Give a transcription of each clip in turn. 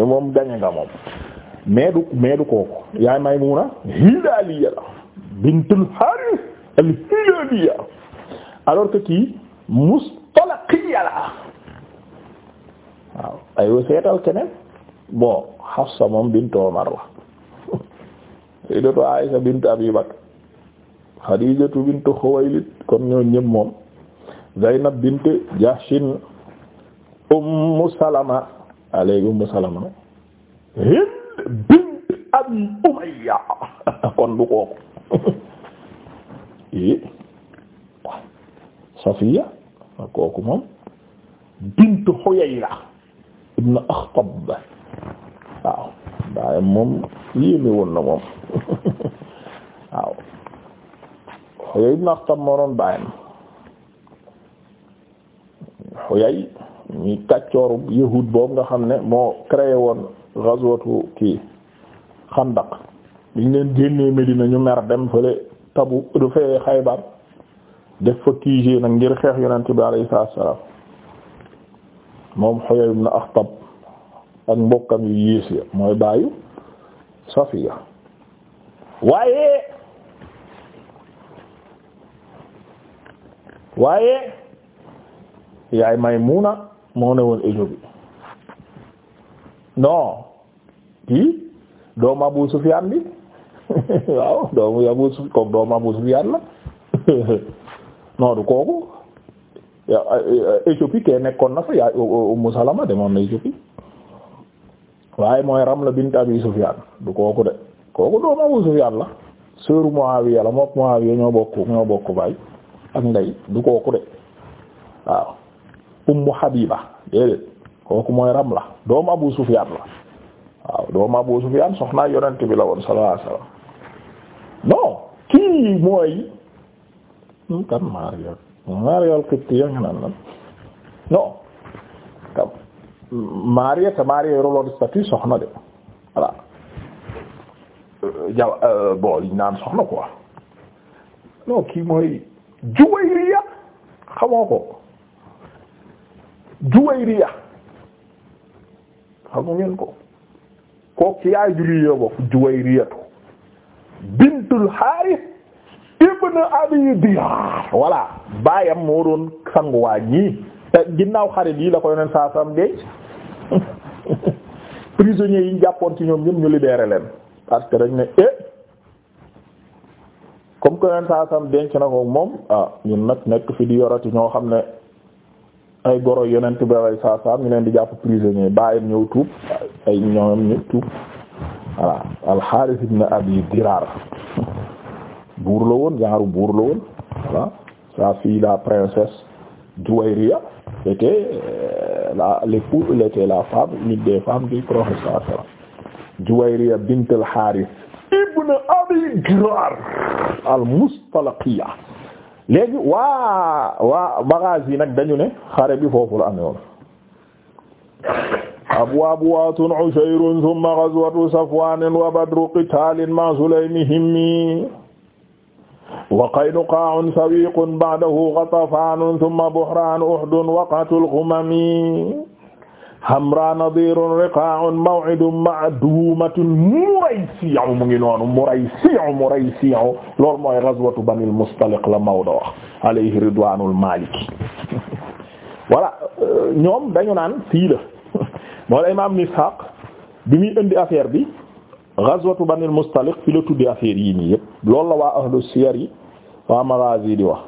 moom gañe nga moom mais du mais du kooku yaay la bintul Haaris al Hilaaliya alors que kii Mustalaqiya la waaw aywa seetal keneen bon Hafsa moom bintu Umar la Sayyidatu Aisha bintu Abi Bakr bintu Khuwaylid kon ñoo ñëpp moom Zaynab bint Jahshin Ummu Salama waaw léegi Umm Salama Hind bint Abi Umayya kon du kooku i Safiya kooku moom bint Huyayla ibn Akhtab waaw waaye moom yéeme woon na moom waaw Huyay ibn Akhtab moo doon bàyyam Huyay ñi kàccooru yahud boobu nga xam ne moo créé woon ghazwatu kii xandak biñ leen génnee Medina ñu mer dem fële tabu du fee Xaybar def fa QG nag ngir xeex yonent bi alayhi salaam moom Huyay ibn Akhtab ak mbokkam yu yées ya mooy baayu Safiya waaye waaye yaay Maymuna moo ne woon Éthiopie non kii doomu Abu Sufyan bi waaw doomu Abu Sufyan kooku doomu Abu la non du kooku Éthiopie kee nekkoon na fa yaay Ummu Salama demoon na Éthiopie waaye mooy Ramla bint Abi Sufyan du kooku de kooku doomu Abu Sufyan la sœur Muawiya la mook Muawiya ñoo bokk ñoo bokk baay ak ndey du kooku de waaw ummu habiba déedéet kooku mooy Ramla doomu Abu Sufyan la waaw doomu Abu Sufyan soxnaa yonent bi la woon sallallahu alayhi wasallam kii mooy hmm, kan Maariya Maariya al-Qibtiyya nga naan lan non tam Maariya te Maariya soxna de voilà euh, jaw euh, bon liñ naan soxna quoi non kii mooy Juwayriya xamoo ko Juwayriya xam ngeen ko kooku yaay Juwayriya bokk Juwayriyatu bintul Haaris ibn Abi Diyaar voilà baayam moo doon sanguwaa ñii te ginnaaw xarit yi la ko yoneen saa sam denc prisonniers yi ñu jàppoon ci ñoom ñëpp ñu libéré leen parce que dañ ne eh comme que yoneen saa sam denc na ko moom ah ñun nag nekk fi di yorati ñoo xam ne. ay goro yonent bi ay saa saa ñu leen di jàpp prisonnier bàyyam ñëw tuub ay ñoom ñu tuub voilà Abi Dirar buur la woon genre buur la woon voilà sa la princesse Douayriya était euh, la l'épouse elle était la femme l'une des femmes du prophète sallallahu alayhi bint al ibn Abi Dirar al léegi waa waa Baghazi nag dañu ne xare bi foofu la amee woon abwaabu waatun ushayrun thumma ghazwatu safwanin wa badru qitaalin ma sulaymi himmi wa qaynuqaa'un sawiqun ba'dahu ghatafaanun thumma buhraanu uhdun waqatul ghumami hamra nadirun riqa'un maw'idun ma'dumatun muraysi'u mu ngi noonu muraysi'u muraysi'u loolu mooy ghazwatu banil mustaliq la Maodo wax alayhi maliki voilà ñoom dañu naan fii la moo la imam Ishaq bi muy indi affaire bi ghazwatu banil mustaliq fi la tuddi affaire yii nii yëpp loolu la waa ahlu siyar yi waa maghazi di wax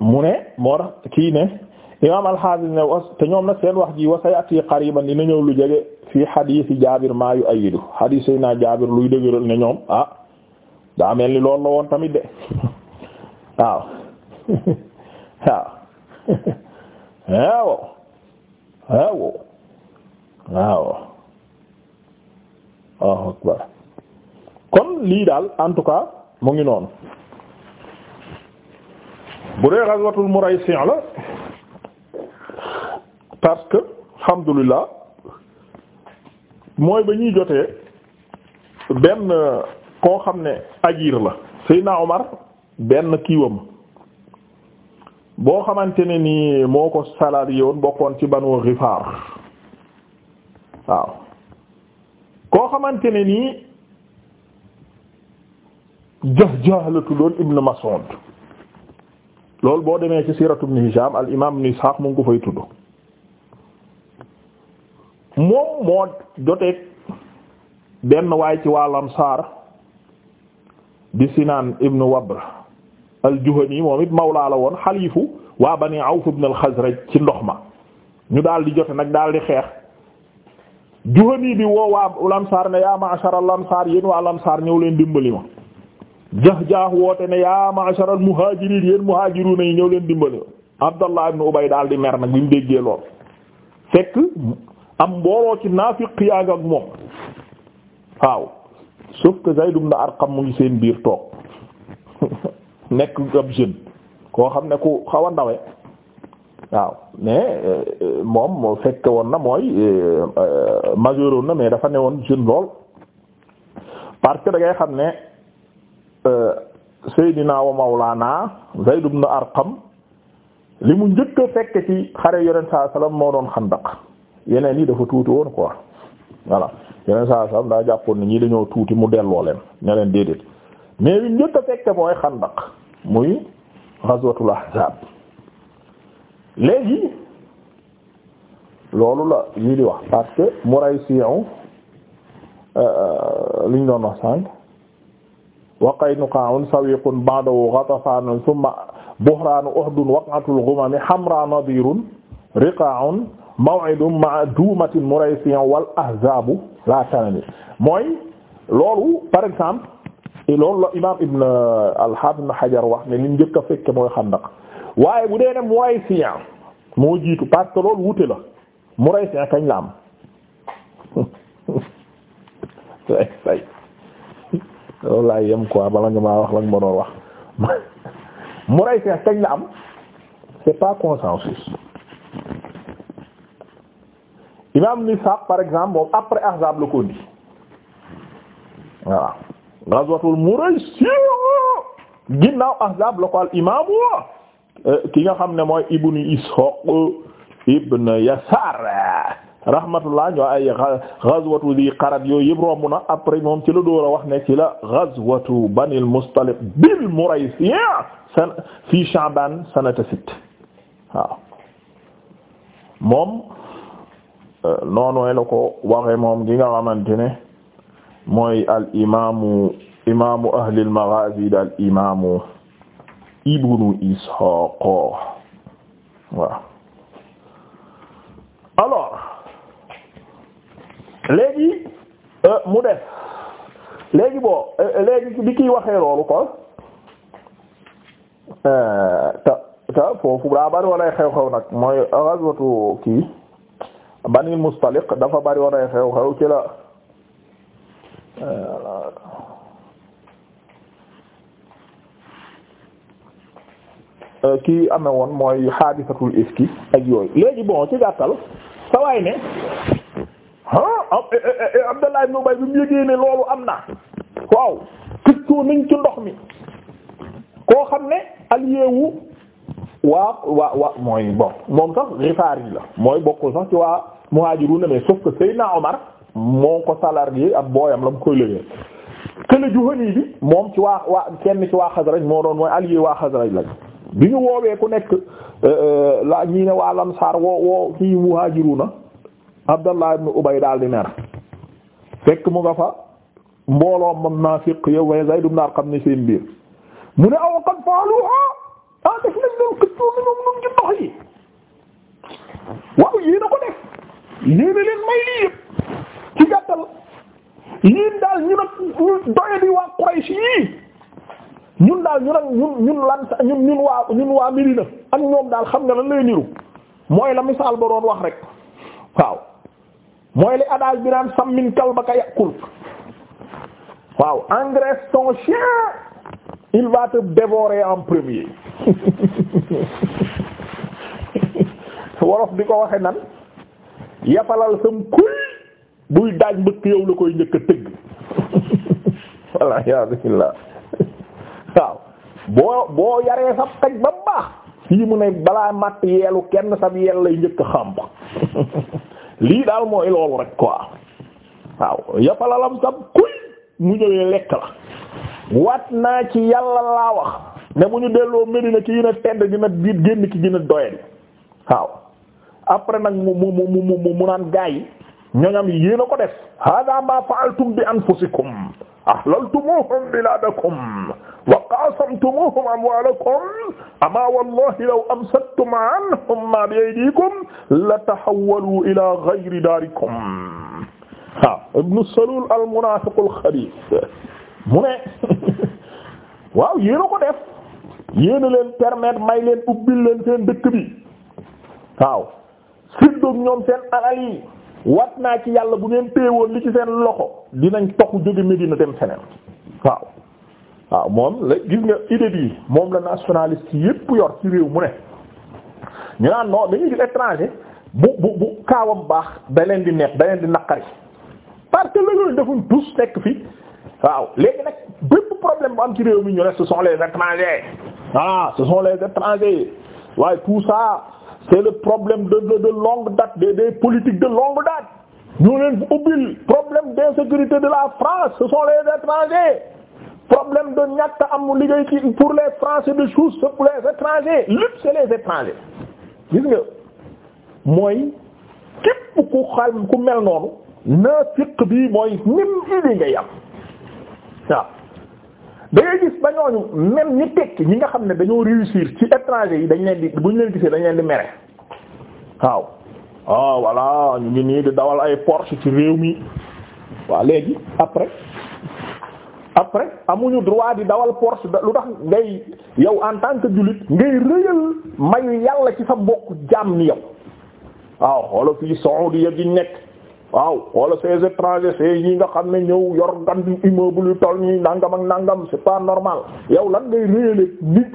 mu ne moo kii ne imaam al-Hafiz ne was te ñoom nag seen wax ji wa sayati qariban dina ñëw lu jege fii xadiisi jaabir maa yu ayidu xadiis naa jaabir luy dëgëral ne ñoom ah daa ni loolu la woon tamit de waaw waaw waaw waaw waaw akbar kon lii daal en tout cas mu ngi noonu bu dee ghazwatul Muraysi' la parce que alhamdulilah mooy ba ñuy jotee benn koo xam ne ajir la Seydina Omar benn kiiwam boo xamante ne nii moo ko salarié woon bokkoon ci Banu Ghifaar waaw koo xamante ne nii Jahjah la tuddoon Ibn Mas'ud loolu boo demee ci siiratu Ibn Hisham al imaam Ibn Ishaq mu ko fay tudd moom moo joteeg benn waay ci waa Ansaar di Sinaan ibn Wabr al-Juhani moom it mawlaa la woon xaliifu waa Bani Awf ibn al-Xazraj ci ndox ma ñu daal di jote nag daal di xeex Juhani bi woo waa Ansaar ne yaa ma'shar al-Ansaar yéen waa Ansaar ñëw leen dimbali ma jax-jaax woote ne yaa ma'shar al-muhaajiriin yéen muhaajiruuna yi ñëw leen dimbali ma Abdallah ibn Ubay daal di mer nag bi mu déggee lool fekk am mbooloo ci naafiq yaa ak moom waaw sauf que Zayd ibn Arqam mu ngi seen biir toog nekk ab jeune koo xam ne ku xaw a ndawe waaw mais euh, moom fekke woon na mooy euh, euh, majeur woon na mais dafa ne woon jeune lool parce que dangay xam ne Seydina wa Mawlana Zayd na Arqam li mu njëkk a fekke ci xare yonent moo doon xandaq yeneen yi dafa tuuti woon quoi voilà yeneen saa saam daa jàppoon ni ñii dañoo tuuti mu delloo leen ne leen déedéet mais li njëkk a fekke mooy xandak muy ghazwatul ahzab léegi loolu la lii di wax parce que Muraysi'u euh, euh, liñ doon wax sànq wa Qaynuqa'un sawiqun ba'dahu Ghatafanun thumma buhranu Uhdun waq'atul ghumami hamra nadirun riqa'un maw'idun ma'a dumatin muraysiyan wal ahzabu la tanami mooy loolu par exemple loolu la imaam ibn al-Hafiz ibn wax ne li njëkk a fekke mooy xandaq waaye bu dee ne muraysiyan moo jiitu parce que loolu wute la muraysiyan kañ la am say say loolu laay bala nga maa wax la nga ma doon wax muraysiyan kañ la am c'est pas consensus imam nisab par exemple moom après ahzab la ko indi voilà ghazwatul muraysi ginnaaw ahzab la ko al imam euh, ki nga xam ne mooy ibnu ishaq ibn yasar rahmatullah ñoo ay ghazwatu di qarat yooyu yëpp romb na après moom ci la door a wax ne ci la ghazwatu banil mustaliq bil muraysi san fi sha'ban sanata sitt waaw moom Euh, noonu la ko waxe moom gi nga xamante ne mooy al imaamu imaamu ahlil maghaazi al imaamu ibnu Ishaaq waaw alors léegi euh, mu def léegi boo euh, léegi bi kiy waxee loolu kon ta ta foofu daa bari walay xew-xew nag mooy ghazwatu kii banil mustaliq dafa bari woon ay xew xew ci la euh, kii amee woon mooy xaadisatul ifki ak yooyu léegi bon ci gàttal sa waay ne ah eh, eh, eh, Abdallah ibn Ubay bi mu yëgee ne loolu am na waaw këccoo nañ ci mi koo xam ne aliyewu waa waa waa mooy bon moom sax rifaar yi la mooy bokkul sax ci waa muhajiruna mais sauf que Seydina Omar moo ko salarié ab booyam la mu koy lëgee kële Juhani bi moom ci waa waa kenn ci waa Xasraj moo doon mooy allié waa Xasraj lañ bi ñu woowee ku nekk euh, euh, la ñii ne waa Lamsaar woo woo fii muhajiruna Abdallah ibn Ubay daal di mer fekk mu nga fa mbooloo man naafiq yow waaye Zayd ibn Arqam ne seen biir mu ne aw qad faaluha def nañ loolu këccoo na ñoom waaw yéen a ko def yéen a leen may lii yëpp ci gàttal yéen daal ñu nag ñu doye di ñun daal ñu nag waa ñun waa Medina ak ñoom daal xam nga lan lay niru mooy la misaal ba doon wax rek waaw mooy li adage bi naan sammin kalbaka yàqul waaw engrais ton chien il va te dévorer en premier wolof di ko waxe nan yapalal sam kuy buy daaj mbëkk yow la koy njëkk tëgg walla yaasimila waaw boo boo yaree sab xaj ba baax fii mu ne balaa matt yeelu kenn sab yeel lay njëkk a xàmb lii daal mooy loolu rek waaw yapalalam sab kuy mu ñëwee lekk la waat naa ci yàlla laa wax ne bu ñu delloo Medina ki gën a tedd gën a génn ki gën a doyadi waaw après nag mu mu mu mu mu naan gaa yi ñoñam yi yéen a ko def hada ma fa'altum bi anfusikum ahlaltumuhum biladakum wa qasamtumuhum amwalakum ama wallahi law amsaktum anhum ma bi aydikum la tahawwalu ila ghayri darikum ha ibn salul al munafiq al khabith mu ne waaw yéena ko def yéena leen permettre may leen ubbil leen seen dëkk bi waaw siddoog ñoom seen alal yi wat naa ci yàlla bu ngeen téewoon li ci seen loxo dinañ toxu jóge Medina dem feneen waaw waaw moom la gis nga idée bi moom la nationaliste yépp yor ci réew mu ne ñu naan non dañuy gis étranger bu bu bu kaawam baax da di neex daleen di naqari parce la loolu defuñ tous nekk fi waaw léegi nag bépp problème bu am ci réew mi ñu ne ce sont les étrangers ah ce sont les étrangers waaye tout ça c'est le problème de de de longue date des des politiques de longue date ñoo leen fi ubbil problème d'insécurité de la France ce sont les étrangers problème de ñàkk am liggéey ci pour les Français de chose c'est pour les étrangers lépp c'est les étrangers gis nga mooy képp ku xal ku mel noonu naafiq bi mooy nim idée ngay am waaw da ngay gis ba ñooñu même ñi tekki ñi nga xam ne dañoo réussir ci étranger yi dañ leen di bu ñu leen gisee dañ leen di mere waaw ah ñu ngi nii di dawal ay Porsche ci réew mi waaw léegi après après amuñu droit di dawal Porsche lu tax ngay yow en tant que jullit ngay rëyal mayu yàlla ci sa mbokk jaam ni yow waaw xoolal fii Saoudia gi nekk. waaw wala ces étrangers ces yi nga xam ne ñëw yor ngan di immeuble yu toll nii nangam ak nangam c'est pas normal yow lan ngay réyaléeg nit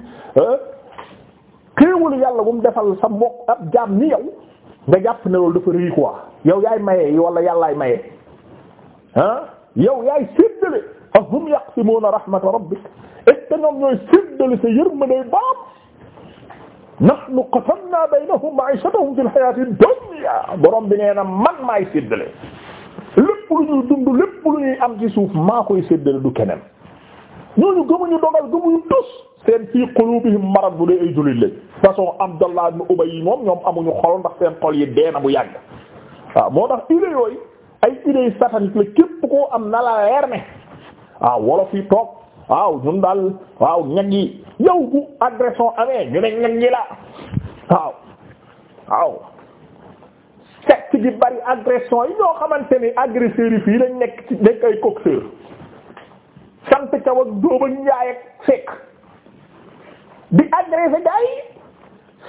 xéewalu yàlla bu mu defal sa mbokk ab jaam ni yow nga jàpp ne dafa réy quoi yow yaay maye wala yàllaay maye ah yow yaay séddale ahum yaqsimuna rahmata rabbik est ce ñooy séddale sa yërmande baam nahnu qasamna baynahum ma'ishatahum fil hayatid dunya boroom bi nee na man maay séddale lépp lu ñuy dund lépp lu ñuy am ci suuf maa koy séddale du keneen ñooñu gëmuñu dogal gëmuñu tus seen fii qulubihim marad bu dee ay jullit lañ façon Abdallah ibn Ubay yi moom ñoom amuñu xol ndax seen xol yi dee na bu yàgg waaw moo tax idée yooyu ay idée satanique la képp koo am na la leer ne waaw wolof yi toog waaw ñun daal waaw ñag yi yow bu agression amee ñu ne ñag yi la waaw waaw gi bari agression yi ñoo xamante ni agresseurs yi fii lañ nekk ci nekk ay coxeur sant kaw ak dóom ak njaay ak fekk di agressé gars yi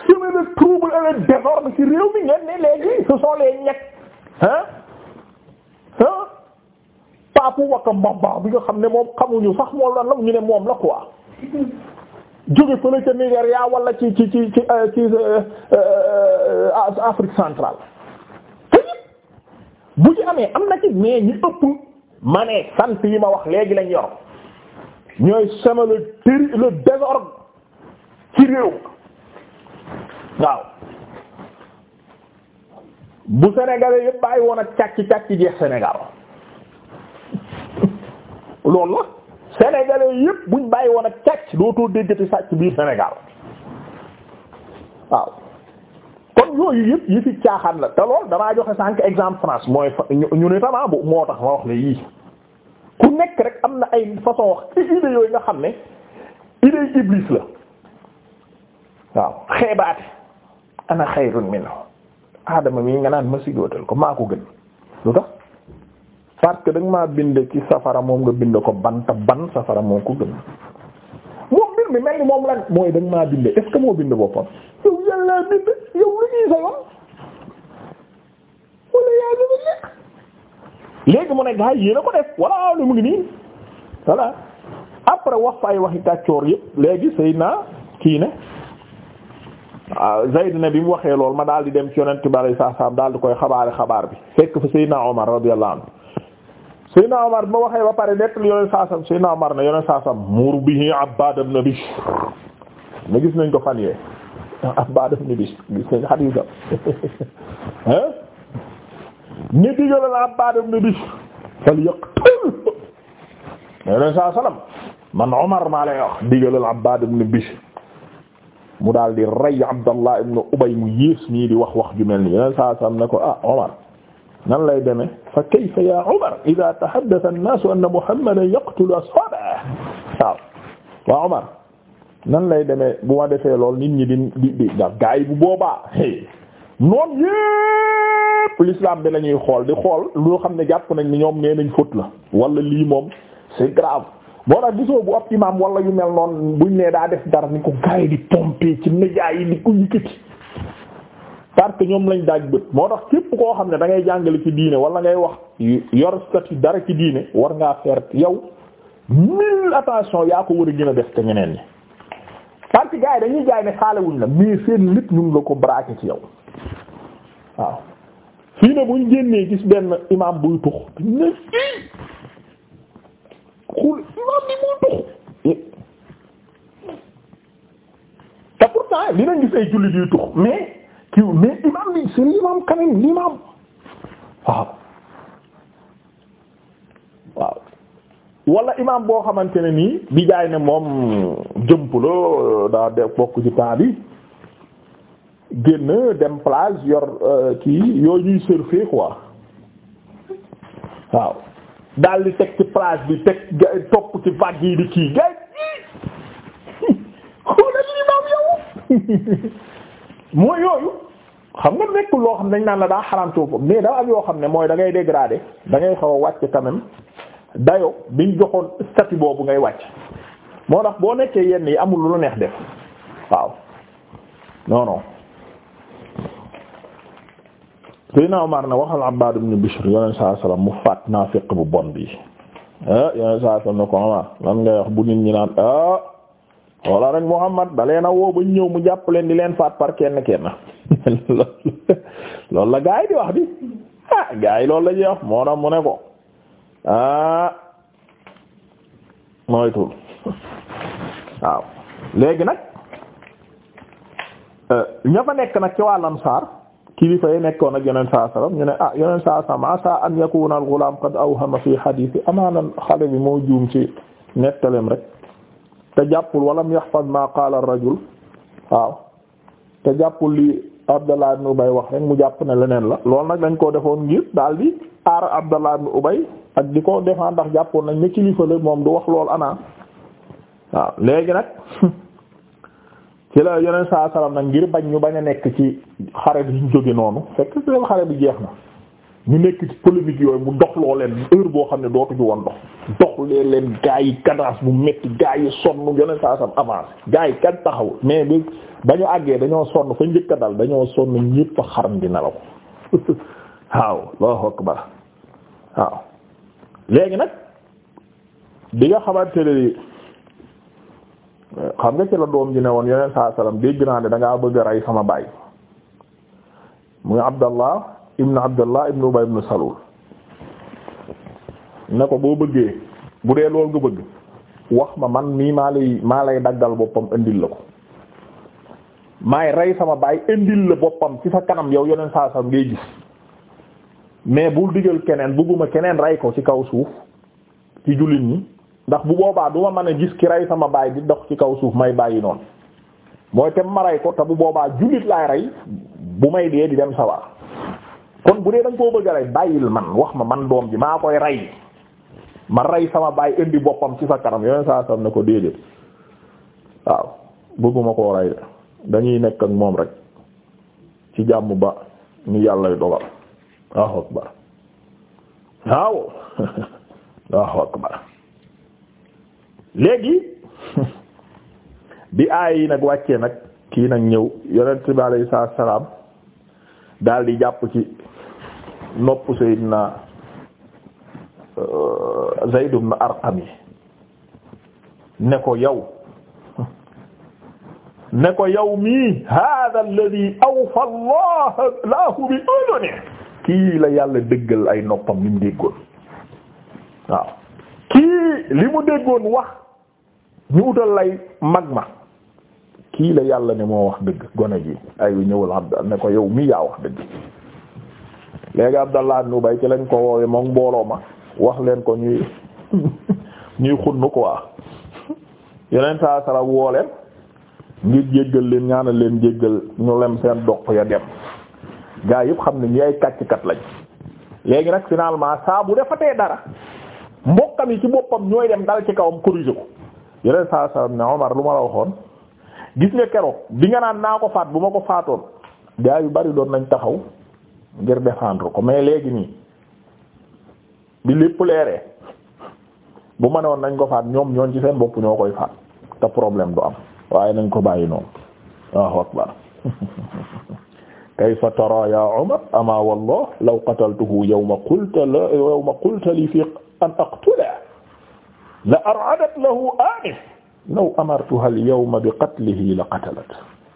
semer le trouble et le désordre ci réew mi ngeen ni léegi ce sont les ñekk hein hein papu wakka mbamba bi nga xam ne moom xamuñu sax moo la ñu ne moom la quoi jóge fële ca Nigeria wala ci ci ci ci euh, euh, euh, Afrique central bu ci amee am na ci mais ñu ëpp ma ne sant yi ma wax léegi lañ yor ñooy sama le teri le désordre ci réew waaw bu sénégalais yëpp bàyyi woon ak càcc càcc jeex Sénégal loolu la sénégalais yëpp buñ bàyyi woon ak càcc dootoo déggati sàcc biir Sénégal waaw yooyu yëpp yi fi caaxaan la te lool damaa joxe sànq exemple France mooy ñu ne tamaa moo tax ma wax ne yii ku nekk rek am na ay façon wax ci yooyu nga xam ne idée iblis la waaw xeebaate ana xayrun minhu adama mii nga naan ma sigootal ko maa ko gën lu tax parce que da nga maa bind ci safara moom nga bind ko ban te ban safara moom ko gën moom mbir mi mel ni moom lan mooy da maa bind est moo bind boppam yàlla bind yow lu ñuy solo léegi mu ne gaa yi yéen ko def wala lu mu ngi nii voilà après wax fa ay waxi kàccoor yépp léegi sëy naa kii ne ah Zayd na bi mu waxee lool ma daal di dem ci yonent bi alayhi salaam di koy xabaare xabaar bi fekk fa naa Omar radiyallahu anhu Seydina Omar bi ma waxee ba pare nettali yonent saasam Seydina Omar ne yonent saasam muur bihi Abbaad ibn Bishr ne gis nañ ko fan yee ba def ni bis gis nga xadiisam hein ni digal la ba def ni bis fal yaqtul yoneen saa salaam man Umar maa lay wax digalal Abbaad ibn Bishr mu daal di rey Abdallah ibn Ubay mu yées mii di wax wax ju mel nii yoneen saa salaam ne ko ah Umar nan lay demee fa kayfa yaa Umar idaa tahaddatha an-naasu anna Muhammadan yaqtulu ashaabahu waaw waaw Umar nan lay demee bu ma defee lool nit ñi di di di daf gaa yi bu boobaa noon yépp l'islam bi la ñuy xool di xool loo xam ne jàpp nañ ni ñoom nee nañ faute la wala lii moom c'est grave boo tax gisoo bu ab imam wala yu mel noonu buñ nee daa def dara ni ko gaa yi di pomper ci médias yi di ko yëkkati parce que ñoom lañ daaj bët moo tax képp koo xam ne da ngay jàngale ci diine wala ngay wax yor statut dara ci diine war ngaa faire yow mille attention yaa ko war a gën a def te ñeneen ñi parce que yi dañuy jaay ne xaalewuñ la mais seen lépp ñun la ko braqué ci yow waaw fii ne buñ génnee gis benn imam buy tux imam bi muy tux te pourtant dinañ gis ay jullit yuy tux mais kii mais imam bi c'est l'imam quand même waaw waaw wala imam boo xamante ne nii bi jaay ne moom jëmp la euh, daa de bokk ci temps bi génn dem plage yor euh, kii yooyu ñuy surfer quoi waaw daal di teg ci plage bi teg tokk ci vagues yi di kii gay xoolal imam yow mooy yooyu xam nga nekkul loo xam ne dañ naan la daa xaramtu mais dafa am yoo xam ne mooy da ngay dégradé da ngay xaw a wàcc quand même dayo biñ joxoon statut boobu ngay wàcc moo tax boo nekkee yenn yi amul lu neex def waaw non non Seydina Omar na waxal Abbad ibn Bishr yoneen saa sallam mu faat naafiq bu bon bi ah yoneen saa sallam ne ko Omar lan ngay wax bu nit ñi naan ah eh, walla rek Muhammad da leen a woo ba ñëw mu jàpp leen di leen faat par kenn kenn loolu la gaa yi di wax di ah gaa yi loolu la ñuy wax moo tax mu ne ah moytul waaw léegi nag euh, ña fa nekk nag ci waa Ansaar kilifa yi nekkoon ak yeneen saa salaam ñu ne ah yeneen saa salaam asa an yakuna al-ghulaam qad awhama fi hadiisi amaana xale bi moo juum ci nettaleem rek te jàppul walam yahfaz ma qaala rajul waaw te jàppul li Abdallah ibn Ubay wax rek mu jàpp na leneen la lool nag dañ koo defoon ngir daal di aar Abdallah ibn Ubay ak di ko defaan ndax jàppoon nañ ne kilifa la moom du wax lool ana waaw léegi nag ci la yeneen saa salaam nag ngir bañ ñu bañ a nekk ci xare bi ñu jóge noonu fekk seen xare bi jeex na ñu nekk ci polémique yooyu mu dox loo leen heure boo xam ne dootuñu woon dox dox leen leen gaa yi cadence bu métti gaa yi sonn yeneen saa salaam avancé gaa yi kenn taxaw mais bi ba ñu àggee dañoo sonn fa njëkk a dal dañoo sonn ñépp xaram di nelaw waaw Allahu akbar waaw. léegi nag bi nga xamante ne xam nga ci la doom ji ne woon yeneen saa salaam dégg naa ne da ngaa bëgg a rey sama baay muy Abdallah ibn Abdallah ibn Ubay ibn Salul ne ko boo bëggee bu dee loolu nga bëgg wax ma man mii maa lay maa lay daggal boppam indil la ko maay rey sama baay indil la boppam ci sa kanam yow yeneen saa salaam ngay gis. mais bul digal keneen bugguma keneen rey ko ci kaw suuf ci jullit ñi ndax bu boobaa duma man a gis ki rey sama baay di dox ci kaw suuf may bàyyi noonu mooy tem ma rey ko te bu boobaa jullit laay rey bu may dee di dem sawar kon bu dee da nga koo bëgg a rey bàyyil man wax ma man doom ji maa koy rey ma rey sama baay indi boppam ci sa kanam yooyu saa sam ne ko déedéet waaw bëgguma koo rey dañuy nekk ak moom rek ci jàmm ba ni yàlla dogal Allahu akbar waaw Allahu akbar léegi bi aay yi nag wàccee nag kii nag ñëw yonent bi alayhi salaam daal di jàpp ci nopp Seydina euh, Zayd ibn Arqam yi ne ko yow ne ko yow mii hada alladhi bi udunihi kii la yàlla dëggal ay noppam li mu déggoon waaw kii li mu déggoon wax ñu utal lay mag ma kii la yàlla ne moo wax dëgg gone ji ay ñëwul abdal ne ko yow mii yaa wax dëgg léegi abdallah nu bay ci lañ ko woowe moom mbooloo ma wax leen ko ñuy ñuy xunnu quoi yeneen saa sara woo leen ngir jéggal leen ñaanal leen jéggal ñu lem seen doq ya dem gaa yëpp xam ne ñi ay kat lañ léegi nag finalement saa bu defatee dara mbokkam yi ci boppam ñooy dem dal ci kawam corriger ko yeneen saa saa ne Omar lu ma la waxoon gis nga keroog bi nga naan naa ko faat bu ma ko faatoon gaa yu bari doon nañ taxaw ngir défendre ko mais léegi nii bi lépp leeree bu ma ne woon nañ ko faat ñoom ñoon ci seen bopp ñoo koy faat te problème du am waaye nañ ko bàyyi noonu waaw waaw kayfa tara ya Umar ama wallah law qataltuhu yawma qulta la yawma qulta li fi an aqtulahu la ar'adat lahu anif law amartuha al-yawma bi qatlihi la qatalat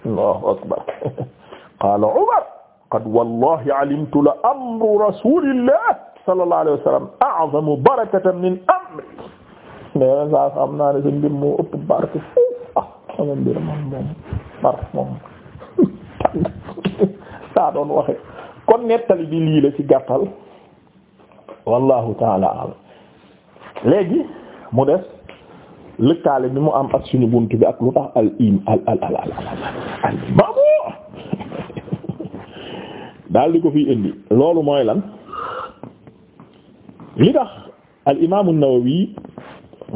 Allahu akbar qala Umar qad wallahi alimtu la amru rasulillah sallallahu alayhi wa sallam a'zamu barakatan min amri mais saa xam naa ne sa mbir moo ëpp barke foofu ah sama mbir moom moom bar moom saa doon waxe kon nettali bi lii la ci gàttal wallahu taala léegi mu des lëkkaale bi mu am ak suñu bunt bi ak lu tax al imaamu daal di ko fiy indi loolu mooy lan li tax al imaam an-Nawawi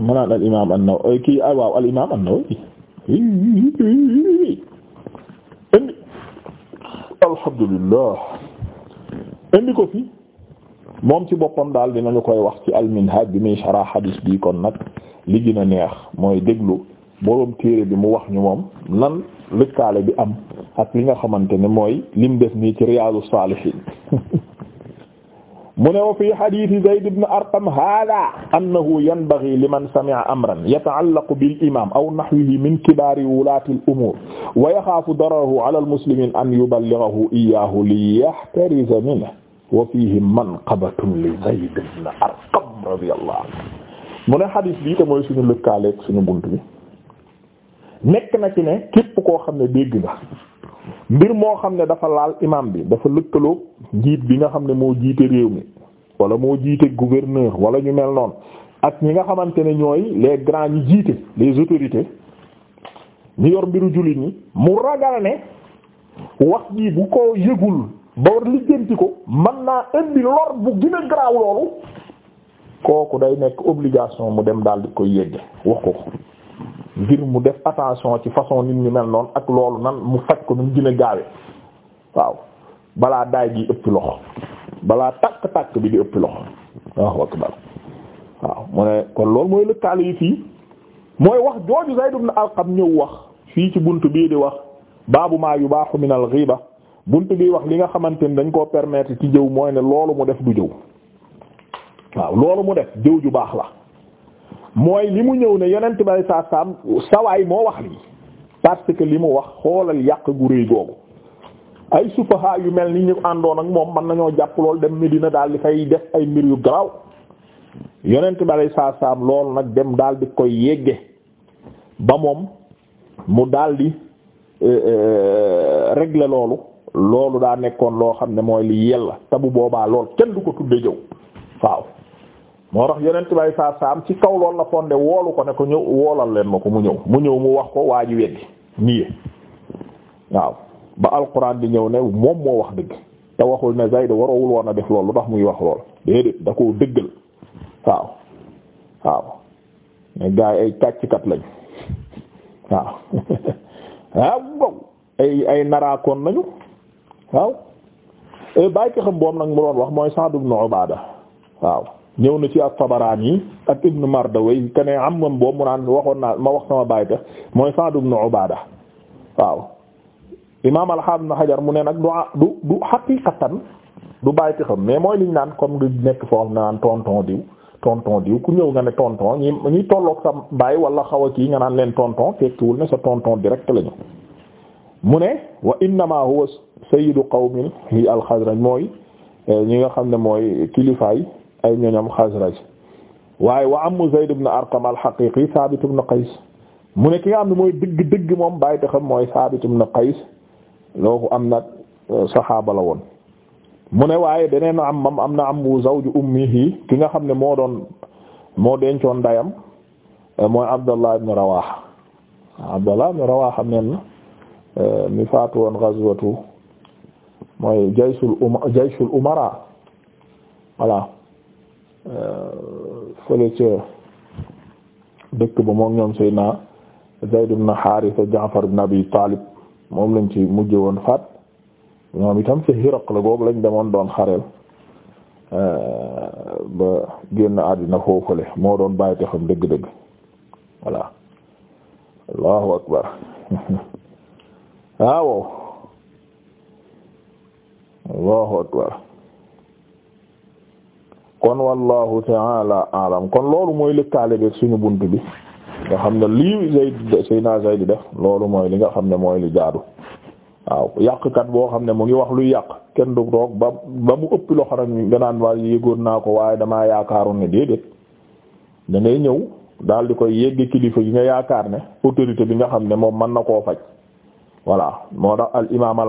mu naan al imaam an-Nawawi kii waaw al imaam an-Nawawi alhamdulillah indi ko fi moom ci boppam daal dinañu koy wax ci alminhaj bi muy shara hadis bi kon nag li gën a neex mooy déglu boroom téere bi mu wax ñu moom nan lëkkaale bi am ak li nga xamante ne mooy lim def nii ci riyaadu saalihiin mu ne wa fi hadiisi Zayd ibn Arqam haadaa annahu yanbaghii liman sami'a amran yata'allaqu bil imaam aw nahwihi min kibaari wulaatil umuur wa yaxaafu dararahu 'alaa al-muslimiina an yuballighahu iyyaahu liyahtariza minhu wa fiihi manqabatun li Zayd ibn Arqam radiyallaahu anhu mu ne hadiis bi te mooy suñu lëkkaaleeg suñu bunt bi nekk na ci ne képp koo xam ne dégg nga mbir moo xam ne dafa laal imam bi dafa lëkkaloo njiit bi nga xam ne moo jiite réew mi wala moo jiite gouverneur wala ñu mel noonu ak ñi nga xamante ne ñooy les grands ñi jiite les autorités ñu yor mbiru jullit ñi mu ragal ne wax ji bu ko yëgul ba war lijjanti ko man naa indi lor bu gën a loolu kooku day nekk obligation mu dem daal di koy yëgge wax ko ko ngir mu def attention ci façon nit ñu mel noonu ak loolu nan mu faj ko nu mu gën a gaawe waaw balaa daay gi ëpp loxo balaa takk takk bi di ëpp loxo waaw akbar waaw mu ne kon loolu mooy lëkkaale yi fii mooy wax jooju Zayd ibn Arqam ñëw wax fii ci bunt bii di wax baabu maa yubaahu min al ghiba bunt bii wax li nga xamante ni dañ koo permettre ci jëw mooy ne loolu mu def du jëw waaw loolu mu def jëw ju baax la mooy li mu ñëw ne yonent bay saa saam sawaay moo wax lii parce li mu wax xoolal yàq gu rëy googu ay sufaha yu mel ni ñu àndoon ak moom mën nañoo jàpp lool dem Medina daal di fay def ay mbir yu garaaw yonent bay saa saam loolu nag dem daal di koy yegge ba moom mu daal di euh, euh, régler loolu loolu daa nekkoon loo xam ne mooy li yella te boobaa lool kenn du ko tudde jëw moo tax yonent bay saa saam ci kaw loolu la fonde woolu ko ne ko ñëw woolal leen ma ko mu ñëw mu ñëw mu wax ko waa ji weddi nii waaw ba alquran di ñëw ne moom moo wax dëgg te waxul ne Zayd waroowul woon a def loolu lu tax muy wax lool déedéet da koo dëggal waaw waaw ne ay lañ waaw naraakoon nañu waaw eh, bàyyi ko xam boobu nag mu doon wax mooy Sa'd ibn Ubaada waaw ñëw na ci at-Tabarani ak Ibn Mardawayh que ne am moom boobu mu naan waxoon naa ma wax sama baay tax mooy Sa'd ibn Ubaada waaw imaam al-Haafiz Ibn Hajar mu ne nag du du du haqiqatan du baay taxam mais mooy liñ naan comme nga nekk foo na ne naan tonton diw tonton diw ku ñëw nga ne tonton ñi ñi tolloog sa baay wala xaw kii nga naan leen tonton fekkiwul ne sa tonton direct lañu mu ne wa innama huwa sayyidu qawmin hi al mooy eh, ñi nga xam ne mooy kilifaay. ay ñoñam Xasraj waaye wa am Zayd ibn Arqam al-Haqiqi Saabit Qays mu ne ki nga xam ne mooy dëgg dëgg moom bàyyi te mooy Saabit ibn Qays looku am na euh, saxaaba la woon mu ne waaye beneen am am na am wu zawju ummihi ki nga xam ne moo doon moo dencoon ndayam euh, mooy Abdallah ibn Rawaha Abdallah ibn Rawaha nen euh, mi faatu woon ghazwatu mooy jayshul umara umara voilà Euh, fële ci dëkk ba moom ñoom Seydina Zayd ibn Haarisa Jaafar ibn Abi Taalib moom lañ ci mujje woon faat ñoom itam ci Hiraqla googu lañ demoon doon xareel euh, ba génn àddina foofule moo doon bàyyi te xam dëgg-dëgg voilà allahu akbar waaw allahu akbar kon wallahu ta'ala alam kon loolu mooy lëkkaale bi suñu bunt bi nga xam ne lii Zayd Seydina Zayd di de loolu mooy li nga xam ne mooy li jaadu waaw yàqkat boo xam ne mu ngi wax luy yàq kenn du roog ba ba mu ëpp loxo rek nga naan waa yëgoon naa ko waaye damaa yaakaaroon ne déedéet da ñëw daal di koy yegg kilifa yi nga yaakaar ne autorité bi nga xam ne moom mën na koo faj voilà moo tax al imaam al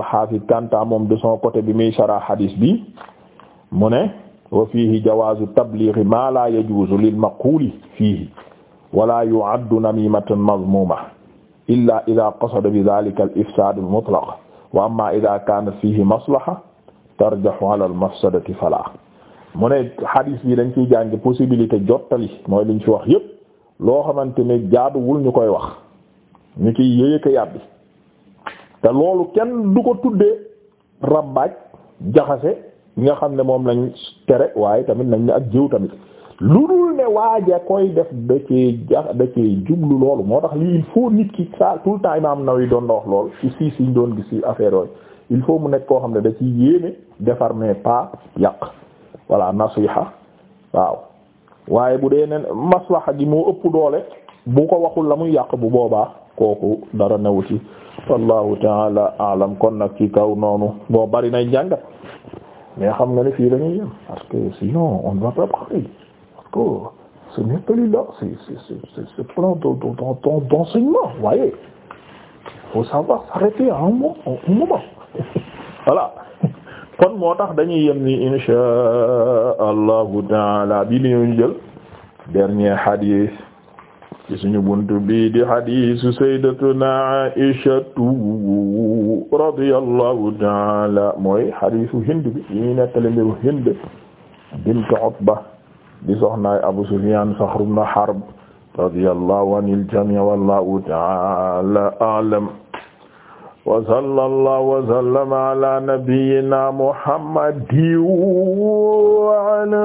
moom de son côté bi muy sarah hadis ne. wa fiihi jawaazu tabliighi maa laa yajuuzu lil maquli fiihi wala yu'addu namiimatan mazmuuma illaa idaa qasada bi dhaalika al ifsaad al mutlaq wa ammaa idaa kaanat fiihi maslaha tarjahu ala mu ne hadis bi dañ ciy jàngi possibilité jottali mooy liñ ci wax yépp loo xamante ne jaaduwul ñu koy wax ñu ciy yëyëka yàbbi loolu kenn du ko tuddee jaxase yi nga xam ne moom lañ tere waaye tamit nañ ne ak jiw tamit lu dul ne waaja koy def da cee ja da jublu loolu moo tax lii il faut nit ki saa tout le temps imaam Nawawi doon na wax lool ci sii siñ doon gis ci affaire yooyu il faut mu nekk koo xam ne da ci yéene defar mais pa yàq voilà nasiha waaw waaye bu dee ne maslaha gi moo ëpp doole bu ko waxul la muy yàq bu boobaa kooku dara newu ci wallahu taala alam kon nag ci kaw noonu boo bari nay jàngat mais xam nga ne fii la ñuy yem parce que sinon on va pas parce que c'est c'est c'est c'est voyez faut savoir s'arrêter un moment un moment voilà kon moo tax dañuy yem ni insha allahu taala bi li dernier hadith ci suñu buntu bii di hadiisu sayyidatuna Aishatu radiyallahu taala mooy hadiisu Hind bi yi ñuy nettali mbiru Hind bint Utba di soxnaay Abu Sufyaan Saxr ibn Harb radiyallahu anil jamii wallahu taala a'lam wa sallallahu wa sallama ala nabiyyina Muhammadin wa ala